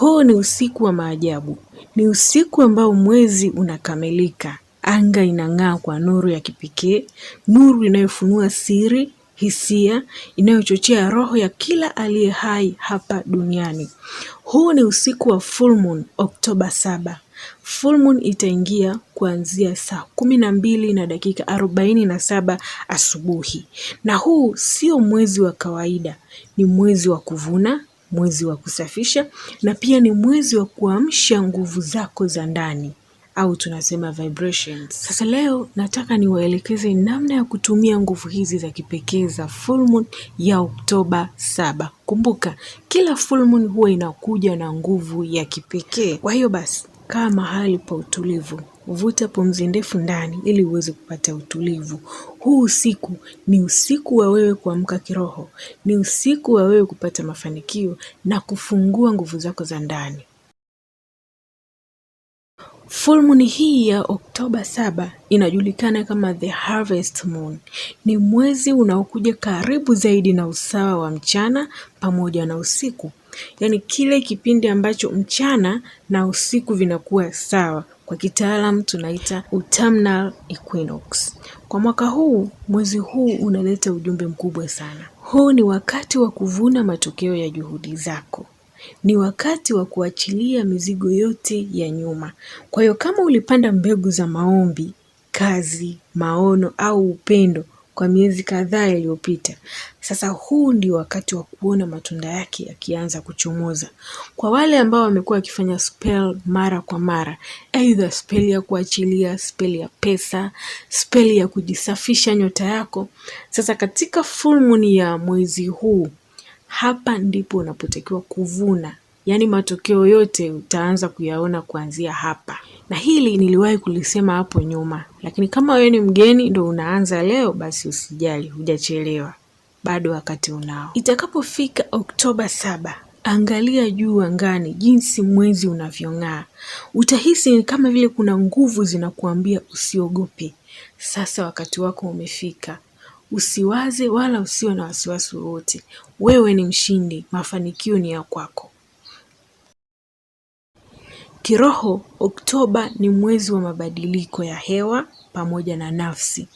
Huu ni usiku wa maajabu. Ni usiku ambao mwezi unakamilika, anga inang'aa kwa nuru ya kipekee, nuru inayofunua siri, hisia, inayochochea roho ya kila aliye hai hapa duniani. Huu ni usiku wa full moon, Oktoba saba. Full moon itaingia kuanzia saa kumi na mbili na dakika arobaini na saba asubuhi, na huu sio mwezi wa kawaida, ni mwezi wa kuvuna mwezi wa kusafisha na pia ni mwezi wa kuamsha nguvu zako za ndani au tunasema vibrations. Sasa leo nataka niwaelekeze namna ya kutumia nguvu hizi za kipekee za full moon ya Oktoba saba. Kumbuka kila full moon huwa inakuja na nguvu ya kipekee. Kwa hiyo basi, kaa mahali pa utulivu, vuta pumzi ndefu ndani ili uweze kupata utulivu. Huu usiku ni usiku wa wewe kuamka kiroho, ni usiku wa wewe kupata mafanikio na kufungua nguvu zako za ndani. Full moon hii ya Oktoba saba inajulikana kama the harvest moon. Ni mwezi unaokuja karibu zaidi na usawa wa mchana pamoja na usiku, yaani kile kipindi ambacho mchana na usiku vinakuwa sawa kwa kitaalam tunaita autumnal equinox. Kwa mwaka huu, mwezi huu unaleta ujumbe mkubwa sana. Huu ni wakati wa kuvuna matokeo ya juhudi zako, ni wakati wa kuachilia mizigo yote ya nyuma. Kwa hiyo kama ulipanda mbegu za maombi, kazi, maono au upendo kwa miezi kadhaa iliyopita. Sasa huu ndio wakati wa kuona matunda yake yakianza kuchomoza. Kwa wale ambao wamekuwa wakifanya spell mara kwa mara, aidha spell ya kuachilia, spell ya pesa, spell ya kujisafisha nyota yako. Sasa katika full moon ya mwezi huu, hapa ndipo unapotakiwa kuvuna yaani matokeo yote utaanza kuyaona kuanzia hapa. Na hili niliwahi kulisema hapo nyuma, lakini kama wewe ni mgeni ndo unaanza leo, basi usijali, hujachelewa, bado wakati unao. Itakapofika Oktoba saba, angalia juu angani jinsi mwezi unavyong'aa. Utahisi kama vile kuna nguvu zinakuambia usiogope, sasa wakati wako umefika. Usiwaze wala usiwe na wasiwasi wowote, wewe ni mshindi, mafanikio ni ya kwako. Kiroho, Oktoba ni mwezi wa mabadiliko ya hewa pamoja na nafsi.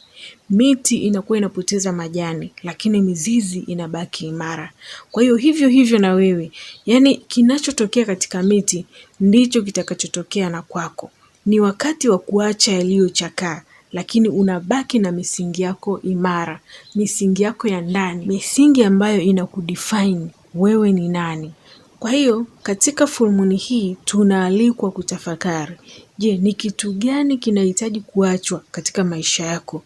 Miti inakuwa inapoteza majani, lakini mizizi inabaki imara. Kwa hiyo hivyo hivyo na wewe, yaani kinachotokea katika miti ndicho kitakachotokea na kwako. Ni wakati wa kuacha yaliyochakaa lakini unabaki na misingi yako imara, misingi yako ya ndani, misingi ambayo inakudefine wewe ni nani. Kwa hiyo katika fulmuni hii tunaalikwa kutafakari, je, ni kitu gani kinahitaji kuachwa katika maisha yako?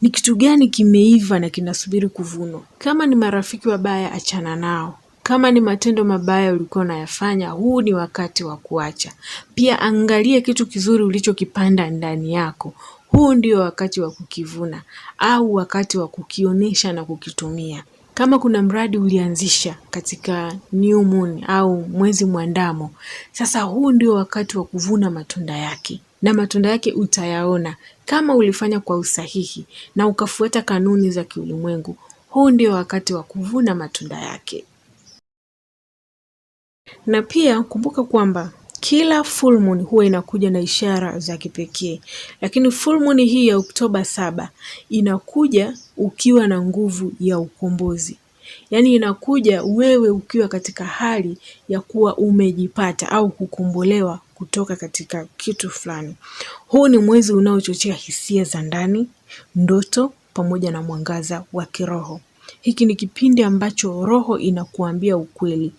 Ni kitu gani kimeiva na kinasubiri kuvunwa? Kama ni marafiki wabaya, achana nao. Kama ni matendo mabaya ulikuwa unayafanya, huu ni wakati wa kuacha. Pia angalia kitu kizuri ulichokipanda ndani yako, huu ndio wakati wa kukivuna au wakati wa kukionyesha na kukitumia. Kama kuna mradi ulianzisha katika new moon au mwezi mwandamo, sasa huu ndio wakati wa kuvuna matunda yake, na matunda yake utayaona kama ulifanya kwa usahihi na ukafuata kanuni za kiulimwengu. Huu ndio wakati wa kuvuna matunda yake, na pia kumbuka kwamba kila full moon huwa inakuja na ishara za kipekee, lakini full moon hii ya Oktoba saba inakuja ukiwa na nguvu ya ukombozi, yaani inakuja wewe ukiwa katika hali ya kuwa umejipata au kukombolewa kutoka katika kitu fulani. Huu ni mwezi unaochochea hisia za ndani, ndoto pamoja na mwangaza wa kiroho. Hiki ni kipindi ambacho roho inakuambia ukweli,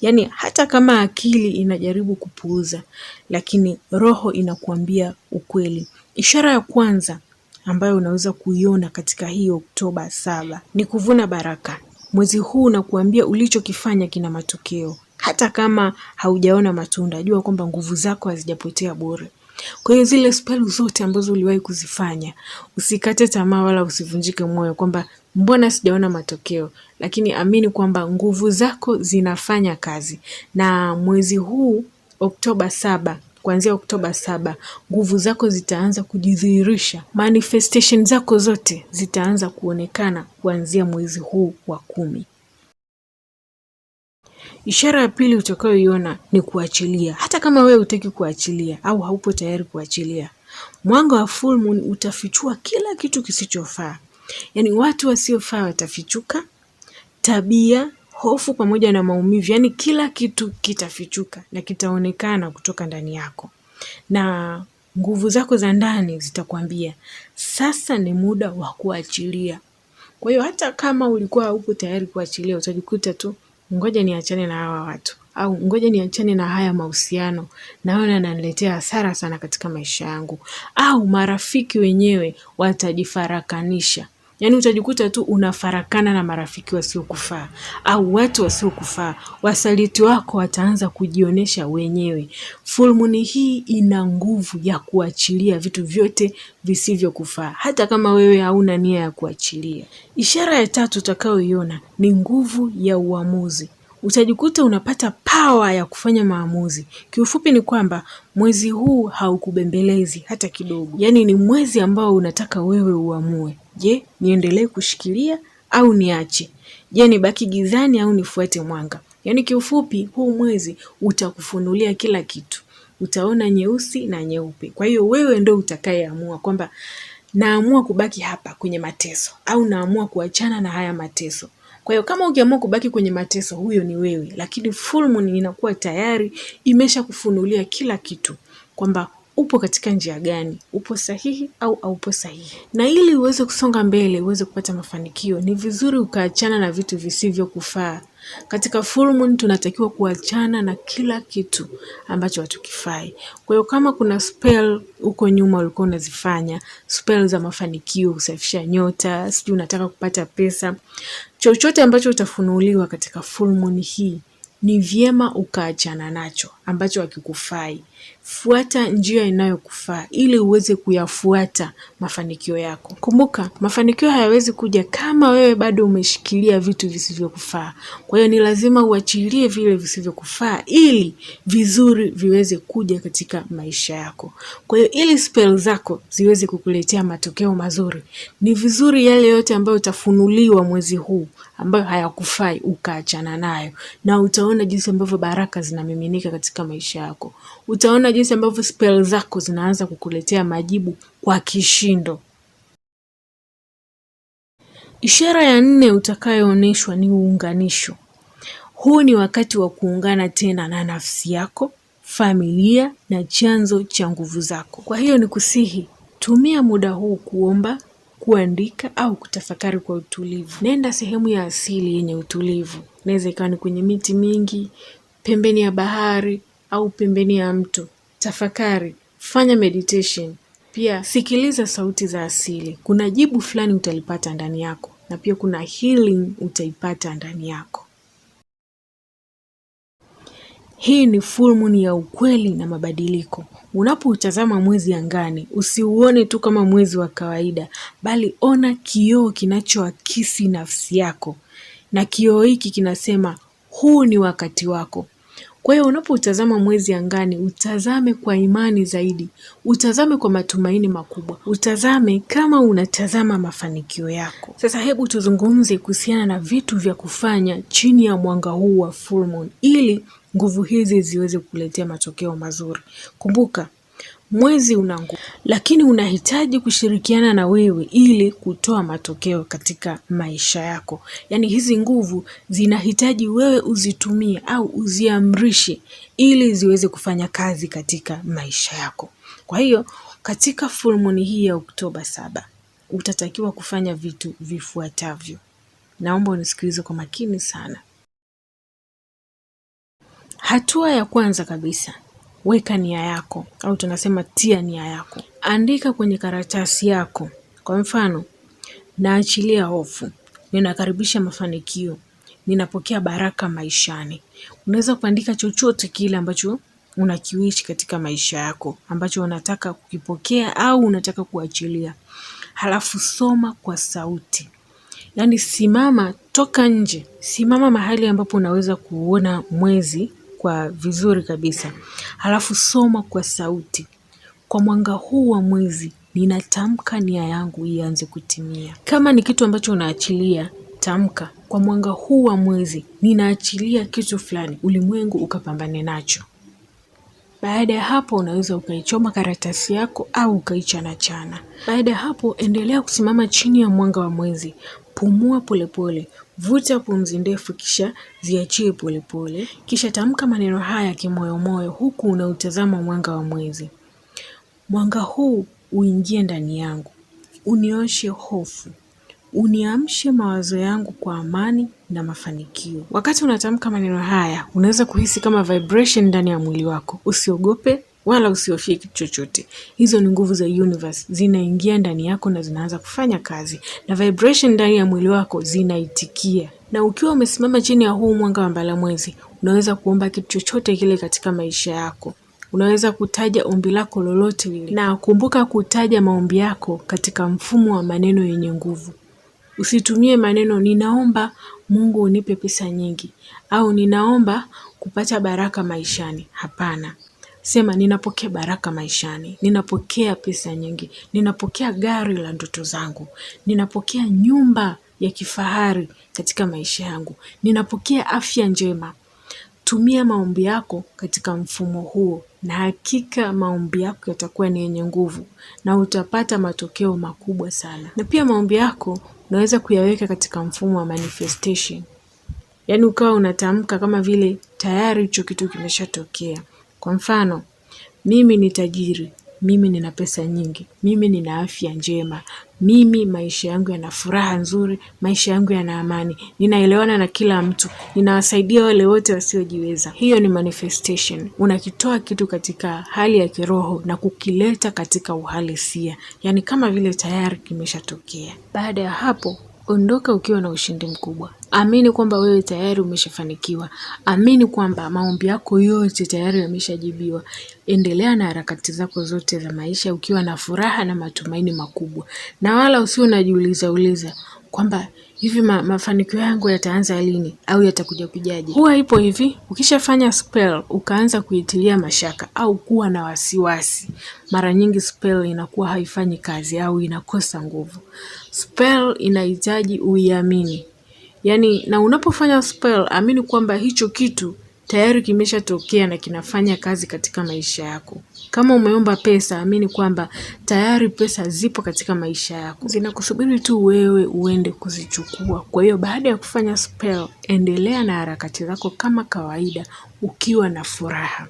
yaani hata kama akili inajaribu kupuuza, lakini roho inakuambia ukweli. Ishara ya kwanza ambayo unaweza kuiona katika hii Oktoba saba ni kuvuna baraka. Mwezi huu unakuambia ulichokifanya kina matokeo, hata kama haujaona matunda, jua kwamba nguvu zako hazijapotea bure. Kwa hiyo zile spell zote ambazo uliwahi kuzifanya, usikate tamaa wala usivunjike moyo kwamba mbona sijaona matokeo? Lakini amini kwamba nguvu zako zinafanya kazi, na mwezi huu Oktoba saba kuanzia Oktoba saba nguvu zako zitaanza kujidhihirisha, manifestation zako zote zitaanza kuonekana kuanzia mwezi huu wa kumi. Ishara ya pili utakayoiona ni kuachilia. Hata kama wewe utaki kuachilia au haupo tayari kuachilia, mwanga wa full moon utafichua kila kitu kisichofaa. Yaani watu wasiofaa watafichuka, tabia, hofu pamoja na maumivu, yaani kila kitu kitafichuka na kitaonekana kutoka ndani yako, na nguvu zako za ndani zitakwambia sasa ni muda wa kuachilia. Kwa hiyo hata kama ulikuwa huko tayari kuachilia, utajikuta tu ngoja niachane na hawa watu au ngoja niachane na haya mahusiano, naona yananiletea hasara sana katika maisha yangu, au marafiki wenyewe watajifarakanisha. Yaani utajikuta tu unafarakana na marafiki wasiokufaa au watu wasiokufaa. Wasaliti wako wataanza kujionyesha wenyewe. Fulmuni hii ina nguvu ya kuachilia vitu vyote visivyokufaa, hata kama wewe hauna nia ya kuachilia. Ishara ya tatu utakayoiona ni nguvu ya uamuzi. Utajikuta unapata pawa ya kufanya maamuzi. Kiufupi ni kwamba mwezi huu haukubembelezi hata kidogo, yaani ni mwezi ambao unataka wewe uamue. Je, niendelee kushikilia au niache? Je, nibaki gizani au nifuate mwanga? Yaani kiufupi, huu mwezi utakufunulia kila kitu, utaona nyeusi na nyeupe. Kwa hiyo wewe ndo utakayeamua kwamba naamua kubaki hapa kwenye mateso au naamua kuachana na haya mateso. Kwa hiyo kama ukiamua kubaki kwenye mateso, huyo ni wewe, lakini full moon inakuwa tayari imesha kufunulia kila kitu kwamba upo katika njia gani, upo sahihi au aupo sahihi. Na ili uweze kusonga mbele, uweze kupata mafanikio, ni vizuri ukaachana na vitu visivyokufaa. Katika full moon tunatakiwa kuachana na kila kitu ambacho hatukifai. Kwa hiyo kama kuna spell huko nyuma ulikuwa unazifanya, spell za mafanikio, kusafisha nyota, sijui unataka kupata pesa, chochote ambacho utafunuliwa katika full moon hii, ni vyema ukaachana nacho ambacho hakikufai. Fuata njia inayokufaa ili uweze kuyafuata mafanikio yako. Kumbuka, mafanikio hayawezi kuja kama wewe bado umeshikilia vitu visivyokufaa. Kwa hiyo ni lazima uachilie vile visivyokufaa ili vizuri viweze kuja katika maisha yako. Kwa hiyo ili spell zako ziweze kukuletea matokeo mazuri, ni vizuri yale yote ambayo utafunuliwa mwezi huu ambayo hayakufai ukaachana nayo, na utaona jinsi ambavyo baraka zinamiminika katika katika maisha yako. Utaona jinsi ambavyo spell zako zinaanza kukuletea majibu kwa kishindo. Ishara ya nne utakayoonyeshwa ni uunganisho. Huu ni wakati wa kuungana tena na nafsi yako, familia na chanzo cha nguvu zako. Kwa hiyo ni kusihi, tumia muda huu kuomba, kuandika au kutafakari kwa utulivu. Nenda sehemu ya asili yenye utulivu, inaweza ikawa ni kwenye miti mingi, pembeni ya bahari au pembeni ya mto, tafakari, fanya meditation. Pia sikiliza sauti za asili. Kuna jibu fulani utalipata ndani yako, na pia kuna healing utaipata ndani yako. Hii ni full moon ya ukweli na mabadiliko. Unapoutazama mwezi angani, usiuone tu kama mwezi wa kawaida, bali ona kioo kinachoakisi nafsi yako, na kioo hiki kinasema huu ni wakati wako. Kwa hiyo unapoutazama mwezi angani, utazame kwa imani zaidi, utazame kwa matumaini makubwa, utazame kama unatazama mafanikio yako. Sasa hebu tuzungumze kuhusiana na vitu vya kufanya chini ya mwanga huu wa full moon ili nguvu hizi ziweze kuletea matokeo mazuri. Kumbuka, Mwezi una nguvu, lakini unahitaji kushirikiana na wewe ili kutoa matokeo katika maisha yako. Yaani hizi nguvu zinahitaji wewe uzitumie au uziamrishe ili ziweze kufanya kazi katika maisha yako. Kwa hiyo katika fulmuni hii ya Oktoba saba utatakiwa kufanya vitu vifuatavyo. Naomba unisikilize kwa makini sana. Hatua ya kwanza kabisa weka nia yako au tunasema tia nia yako. Andika kwenye karatasi yako, kwa mfano, naachilia hofu, ninakaribisha mafanikio, ninapokea baraka maishani. Unaweza kuandika chochote kile ambacho unakiwishi katika maisha yako, ambacho unataka kukipokea au unataka kuachilia. Halafu soma kwa sauti, yaani simama, toka nje, simama mahali ambapo unaweza kuona mwezi kwa vizuri kabisa, halafu soma kwa sauti. Kwa mwanga huu wa mwezi ninatamka nia yangu ianze kutimia. Kama ni kitu ambacho unaachilia, tamka: kwa mwanga huu wa mwezi ninaachilia kitu fulani, ulimwengu ukapambane nacho. Baada ya hapo unaweza ukaichoma karatasi yako au ukaichanachana. Baada ya hapo endelea kusimama chini ya mwanga wa mwezi, pumua polepole Vuta pumzi ndefu kisha ziachie polepole, kisha tamka maneno haya kimoyomoyo huku unautazama mwanga wa mwezi: mwanga huu uingie ndani yangu, unioshe hofu, uniamshe mawazo yangu kwa amani na mafanikio. Wakati unatamka maneno haya, unaweza kuhisi kama vibration ndani ya mwili wako. Usiogope wala usihofie kitu chochote. Hizo ni nguvu za universe zinaingia ndani yako na zinaanza kufanya kazi, na vibration ndani ya mwili wako zinaitikia. Na ukiwa umesimama chini ya huu mwanga wa mbalamwezi, unaweza kuomba kitu chochote kile katika maisha yako. Unaweza kutaja ombi lako lolote lile, na kumbuka kutaja maombi yako katika mfumo wa maneno yenye nguvu. Usitumie maneno ninaomba Mungu unipe pesa nyingi au ninaomba kupata baraka maishani. Hapana. Sema ninapokea baraka maishani, ninapokea pesa nyingi, ninapokea gari la ndoto zangu, ninapokea nyumba ya kifahari katika maisha yangu, ninapokea afya njema. Tumia maombi yako katika mfumo huo, na hakika maombi yako yatakuwa ni yenye nguvu na utapata matokeo makubwa sana. Na pia maombi yako unaweza kuyaweka katika mfumo wa manifestation, yaani ukawa unatamka kama vile tayari hicho kitu kimeshatokea. Kwa mfano, mimi ni tajiri, mimi nina pesa nyingi, mimi nina afya njema, mimi maisha yangu yana furaha nzuri, maisha yangu yana amani, ninaelewana na kila mtu, ninawasaidia wale wote wasiojiweza. Hiyo ni manifestation. Unakitoa kitu katika hali ya kiroho na kukileta katika uhalisia, yaani kama vile tayari kimeshatokea. Baada ya hapo Ondoka ukiwa na ushindi mkubwa. Amini kwamba wewe tayari umeshafanikiwa. Amini kwamba maombi yako yote tayari yameshajibiwa. Endelea na harakati zako zote za maisha ukiwa na furaha na matumaini makubwa, na wala usiwe unajiuliza uliza kwamba hivi ma, mafanikio yangu yataanza lini au yatakuja kujaje? Huwa ipo hivi, ukishafanya spell ukaanza kuitilia mashaka au kuwa na wasiwasi, mara nyingi spell inakuwa haifanyi kazi au inakosa nguvu. Spell inahitaji uiamini, yaani na unapofanya spell amini kwamba hicho kitu tayari kimeshatokea na kinafanya kazi katika maisha yako. Kama umeomba pesa, amini kwamba tayari pesa zipo katika maisha yako, zinakusubiri tu wewe uende kuzichukua. Kwa hiyo baada ya kufanya spell, endelea na harakati zako kama kawaida, ukiwa na furaha.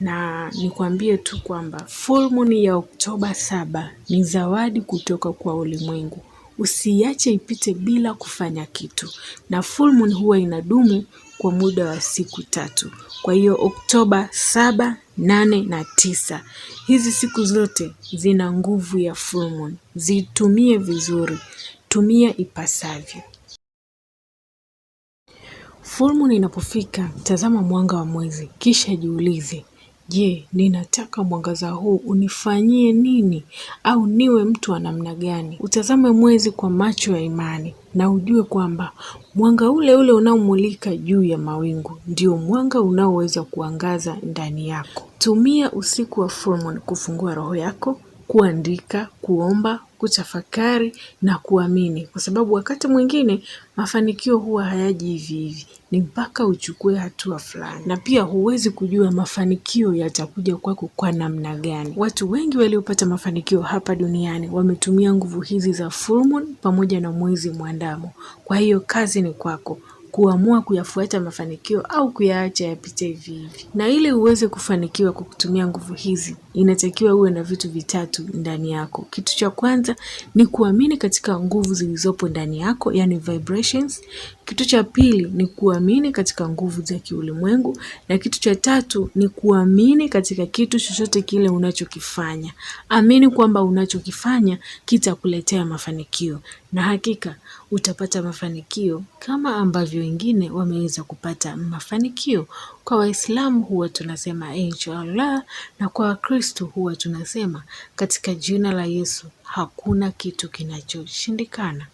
Na nikwambie tu kwamba full moon ya Oktoba saba ni zawadi kutoka kwa ulimwengu. Usiache ipite bila kufanya kitu, na full moon huwa inadumu kwa muda wa siku tatu. Kwa hiyo Oktoba saba, nane na tisa, hizi siku zote zina nguvu ya full moon. Zitumie vizuri, tumia ipasavyo. Full moon inapofika, tazama mwanga wa mwezi, kisha jiulize, Je, ninataka mwangaza huu unifanyie nini? Au niwe mtu wa namna gani? Utazame mwezi kwa macho ya imani na ujue kwamba mwanga ule ule unaomulika juu ya mawingu ndio mwanga unaoweza kuangaza ndani yako. Tumia usiku wa full moon kufungua roho yako, kuandika, kuomba, kutafakari na kuamini, kwa sababu wakati mwingine mafanikio huwa hayaji hivi hivi, ni mpaka uchukue hatua fulani, na pia huwezi kujua mafanikio yatakuja kwako kwa namna gani. Watu wengi waliopata mafanikio hapa duniani wametumia nguvu hizi za full moon pamoja na mwezi mwandamo. Kwa hiyo kazi ni kwako kuamua kuyafuata mafanikio au kuyaacha yapite hivi hivi. Na ili uweze kufanikiwa kwa kutumia nguvu hizi, inatakiwa uwe na vitu vitatu ndani yako. Kitu cha kwanza ni kuamini katika nguvu zilizopo ndani yako, yani vibrations. Kitu cha pili ni kuamini katika nguvu za kiulimwengu, na kitu cha tatu ni kuamini katika kitu chochote kile unachokifanya. Amini kwamba unachokifanya kitakuletea mafanikio, na hakika utapata mafanikio kama ambavyo wengine wameweza kupata mafanikio. Kwa Waislamu huwa tunasema inshallah, na kwa Wakristo huwa tunasema katika jina la Yesu hakuna kitu kinachoshindikana.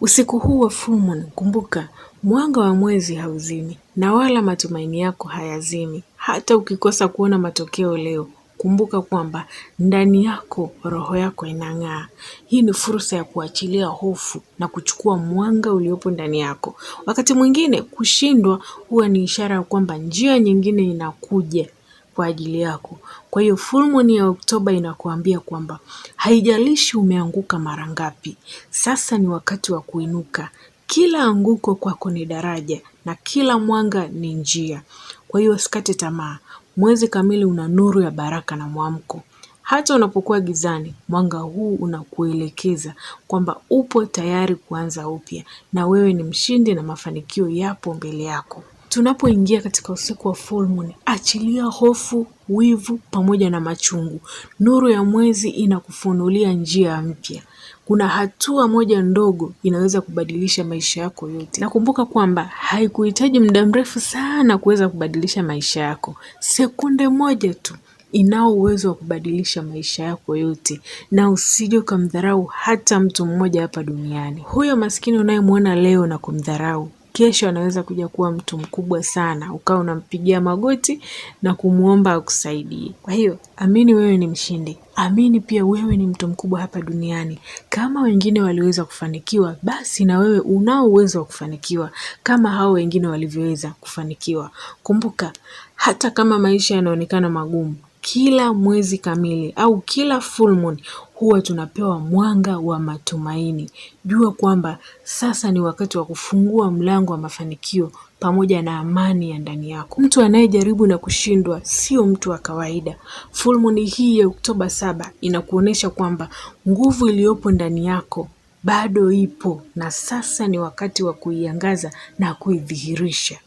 Usiku huu wa full moon, kumbuka mwanga wa mwezi hauzimi na wala matumaini yako hayazimi. Hata ukikosa kuona matokeo leo, Kumbuka kwamba ndani yako roho yako inang'aa. Hii ni fursa ya kuachilia hofu na kuchukua mwanga uliopo ndani yako. Wakati mwingine kushindwa huwa ni ishara ya kwamba njia nyingine inakuja kwa ajili yako. Kwa hiyo fulmoni ya Oktoba inakuambia kwamba haijalishi umeanguka mara ngapi, sasa ni wakati wa kuinuka. Kila anguko kwako ni daraja na kila mwanga ni njia. Kwa hiyo usikate tamaa, Mwezi kamili una nuru ya baraka na mwamko. Hata unapokuwa gizani, mwanga huu unakuelekeza kwamba upo tayari kuanza upya na wewe ni mshindi na mafanikio yapo mbele yako. Tunapoingia katika usiku wa full moon, achilia hofu, wivu pamoja na machungu. Nuru ya mwezi inakufunulia njia mpya kuna hatua moja ndogo inaweza kubadilisha maisha yako yote. Nakumbuka kwamba haikuhitaji muda mrefu sana kuweza kubadilisha maisha yako. Sekunde moja tu inao uwezo wa kubadilisha maisha yako yote, na usije ukamdharau hata mtu mmoja hapa duniani. Huyo maskini unayemwona leo na kumdharau, kesho anaweza kuja kuwa mtu mkubwa sana, ukawa unampigia magoti na kumwomba akusaidie. Kwa hiyo amini, wewe ni mshindi. Amini pia wewe ni mtu mkubwa hapa duniani. Kama wengine waliweza kufanikiwa, basi na wewe unao uwezo wa kufanikiwa kama hao wengine walivyoweza kufanikiwa. Kumbuka, hata kama maisha yanaonekana magumu, kila mwezi kamili au kila full moon huwa tunapewa mwanga wa matumaini. Jua kwamba sasa ni wakati wa kufungua mlango wa mafanikio pamoja na amani ya ndani yako. Mtu anayejaribu na kushindwa sio mtu wa kawaida. Full moon hii ya Oktoba saba inakuonyesha kwamba nguvu iliyopo ndani yako bado ipo na sasa ni wakati wa kuiangaza na kuidhihirisha.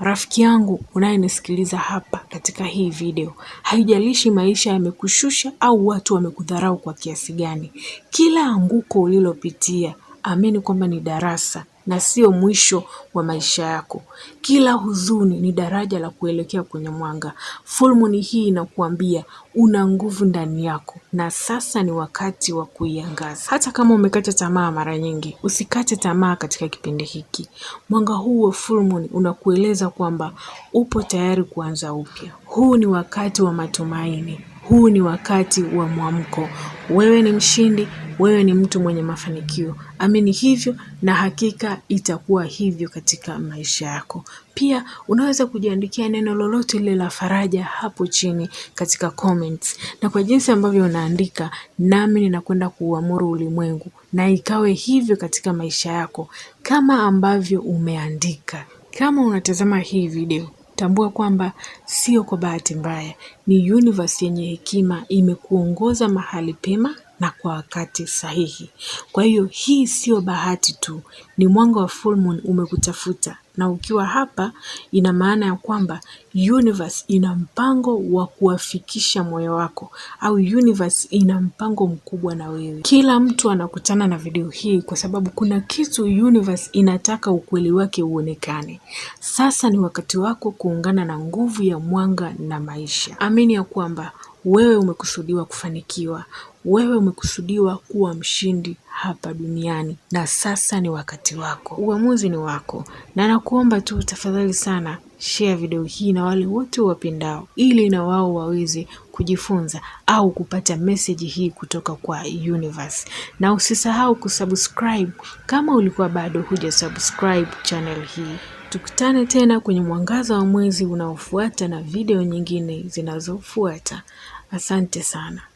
Rafiki yangu unayenisikiliza hapa katika hii video, haijalishi maisha yamekushusha au watu wamekudharau kwa kiasi gani, kila anguko ulilopitia amini kwamba ni darasa na sio mwisho wa maisha yako. Kila huzuni ni daraja la kuelekea kwenye mwanga. Full moon hii inakuambia una nguvu ndani yako na sasa ni wakati wa kuiangaza. Hata kama umekata tamaa mara nyingi, usikate tamaa katika kipindi hiki. Mwanga huu wa full moon unakueleza kwamba upo tayari kuanza upya. Huu ni wakati wa matumaini. Huu ni wakati wa mwamko. Wewe ni mshindi, wewe ni mtu mwenye mafanikio. Amini hivyo na hakika itakuwa hivyo katika maisha yako. Pia unaweza kujiandikia neno lolote lile la faraja hapo chini katika comments. Na kwa jinsi ambavyo unaandika, nami ninakwenda kuuamuru ulimwengu na ikawe hivyo katika maisha yako kama ambavyo umeandika. Kama unatazama hii video Tambua kwamba sio kwa bahati mbaya, ni universe yenye hekima imekuongoza mahali pema na kwa wakati sahihi. Kwa hiyo hii sio bahati tu, ni mwanga wa full moon umekutafuta na ukiwa hapa, ina maana ya kwamba universe ina mpango wa kuwafikisha moyo wako, au universe ina mpango mkubwa na wewe. Kila mtu anakutana na video hii kwa sababu kuna kitu universe inataka ukweli wake uonekane. Sasa ni wakati wako kuungana na nguvu ya mwanga na maisha. Amini ya kwamba wewe umekusudiwa kufanikiwa. Wewe umekusudiwa kuwa mshindi hapa duniani na sasa ni wakati wako, uamuzi ni wako, na nakuomba tu tafadhali sana share video hii na wale wote wapendao, ili na wao waweze kujifunza au kupata meseji hii kutoka kwa universe. Na usisahau kusubscribe kama ulikuwa bado huja subscribe channel hii. Tukutane tena kwenye mwangaza wa mwezi unaofuata na video nyingine zinazofuata. Asante sana.